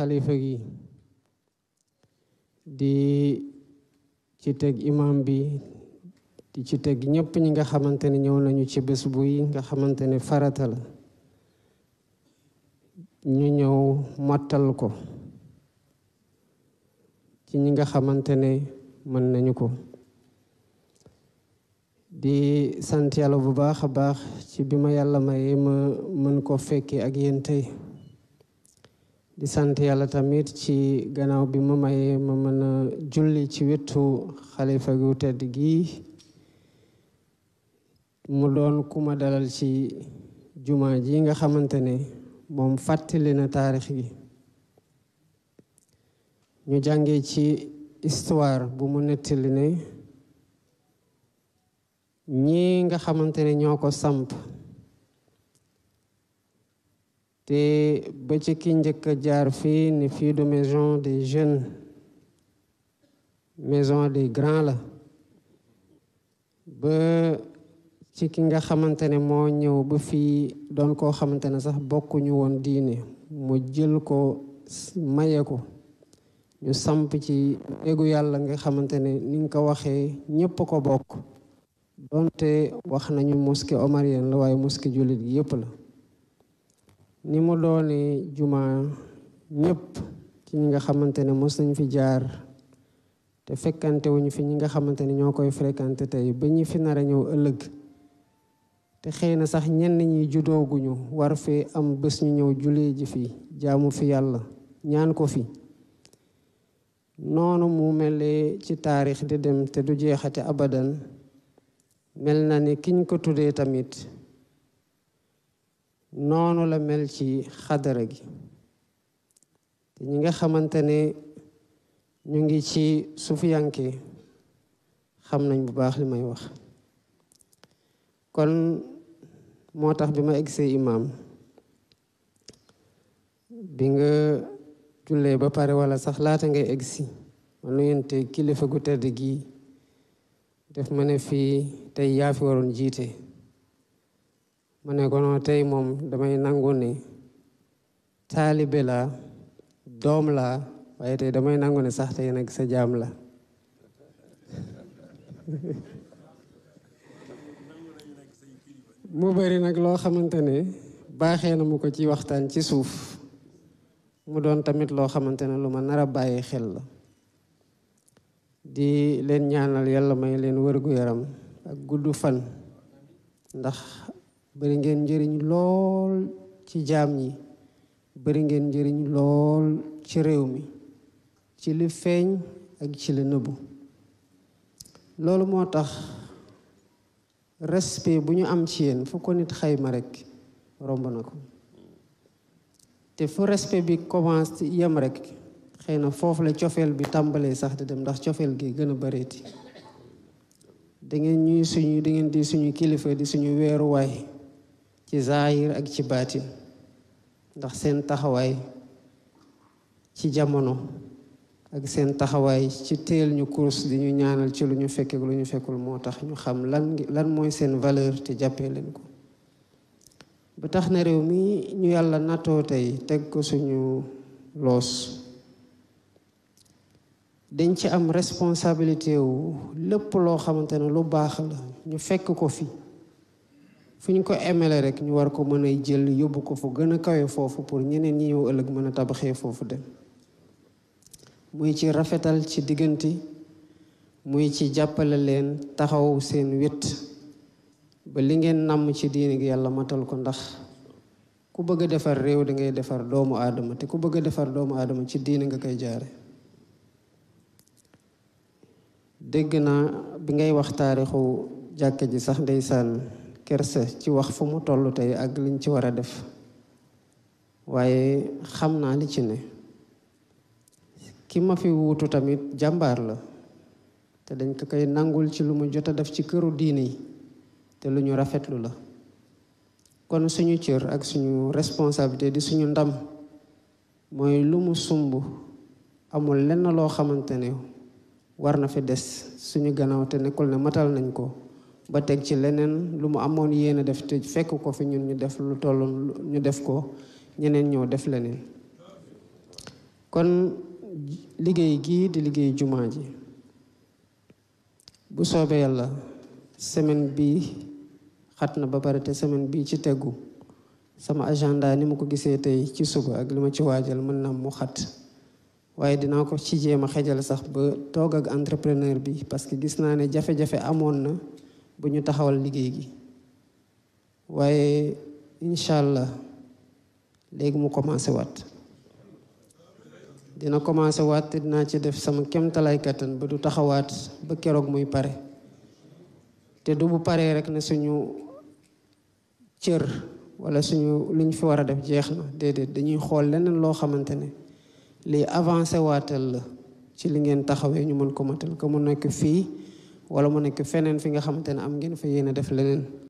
xalifa gi di ci imam bi di ci teg ñëpp ñi nga xamantene ñew nañu ci bés bu yi nga xamantene farata la ñu ñew matal ko ci ñi nga xamantene nañu ko di sant yalla bu baax baax ci bima yalla maye ma mën ko fekke ak yeen tay di sant yàlla tamit ci gannaaw bi ma mayee ma mën a julli ci wetu xalifa gu tedd gi mu doon ku ma dalal ci jumaa ji nga xamante ne moom fàttali na taarix gi ñu jàngee ci histoire bu mu nettali ne ñi nga xamante ne ñoo ko samp te ba ci ki njëkk a jaar fii ni fii du maison des jeunes maison des grands la ba ci ki nga xamante ne moo ñëw ba fii doon koo xamante ne sax bokkuñu woon diine mu jël ko maye ko ñu samp ci néegu yàlla nga xamante ne ni nga ko waxee ñépp ko bokk donte wax nañu mosquée omarienne la waaye mosquée jullit yépp la ni mu doone jumaa ñépp ci ñi nga xamante ne mos nañu fi jaar te fekkantewuñu fi ñi nga xamante ne ñoo koy fréquenté tey ba ñu fi nar a ñëw ëllëg te xëy na sax ñenn ñi judooguñu war fee am bés ñu ñëw julee ji fi jaamu fi yàlla ñaan ko fi noonu mu melee ci taarix di dem te du jeexate abadan mel na ni kiñ ko tuddee tamit noonu la mel ci xadara gi te ñi nga xamante ne ñu ngi ci sufiyanke xam nañ bu baax li may wax kon moo tax bi ma egsee imaam bi nga jullee ba pare wala sax laata ngay egsi ma nuyente kilifa gu tedd gi def ma ne fii tey yaa fi waroon jiite mané ko no tay mom damay nangu ni taalibe la doom la waaye damay nangu sax tay nak sa jam la mo bari nak lo xamantene baxé na mu ko ci waxtan ci souf mu don tamit lo xamantene luma nara baye xel la di len ñaanal yalla may len wërgu yaram ak guddu fan ndax bari ngeen njëriñ lool ci jaam yi bari ngeen njëriñ lool ci réew mi ci li feeñ ak ci li nëbbu loolu moo tax respect bu ñu am ci yéen fu ko nit xayma rek romb na ko te fu respe bi commence yem rekk xëy na foofu la cofeel bi tàmbalee sax di dem ndax cofeel gi gën a bareeti da ngeen ñuy suñu da di suñu kilifa di suñu weeruwaay ci zaahir ak ci baatin ndax seen taxawaay ci jamono ak seen taxawaay ci teel ñu course di ñu ñaanal ci lu ñu fekk lu ñu fekkul moo tax ñu xam lan mooy seen valeur te jàppee leen ko ba tax na réew mi ñu yàlla nattoo tey teg ko suñu loos dañ ci am responsabilité lépp loo xamante ne lu baax la ñu fekk ko fi fu ñu ko emele rek ñu war ko mën a jël yóbbu ko fu gën a kawe foofu pour ñeneen ñi ñëw ëllëg mën a tabaxee foofu dem muy ci rafetal ci diggante muy ci jàppale leen taxaw seen wét ba li ngeen nàmm ci diine gi yàlla matal ko ndax ku bëgg a defar réew da ngay defar doomu aadama te ku bëgg a defar doomu aadama ci diine nga koy jaare dégg naa bi ngay wax taarixu jàkka ji sax ndeysaan kersa ci wax fu mu tollu tey ak liñ ci war a def waaye xam naa li ci ne ki ma fi wuutu tamit jambar la te dañ ko koy nangul ci lu mu jot a def ci këru diine yi te lu ñu rafetlu la kon suñu cër ak suñu responsabilité di suñu ndam mooy lu mu sumb amul lenn loo xamante ne war na fi des suñu gannaaw te nekkul ne matal nañ ko ba teg ci leneen lu mu amoon yéene def te fekk ko fi ñun ñu def lu toll ñu def ko ñeneen ñoo def leneen kon liggéey gii di liggéey jumaa ji bu soobee yàlla semaine bi xat na ba pare te semaine bi ci tegu sama agenda ni ma ko gisee tey ci suba ak li ma ci waajal mën na mu xat waaye dinaa ko ci jéem a xejal sax ba toog ak entrepreneur bi parce que gis naa ne jafe-jafe amoon na bu ñu taxawal liggéey gi waaye inshallah allah léegi mu commencé waat dina commencé waat te dinaa ci def sama kem kattan ba du taxawaat ba keroog muy pare te du bu paree rek ne suñu cër wala suñu liñ fi war a def jeex na déedéet dañuy xool leneen loo xamante ne lii avancé waatal la ci li ngeen taxawee ñu mën ko matal ko mu nekk fii wala mu nekk feneen fi nga xamante ne am ngeen fa yéen a def leneen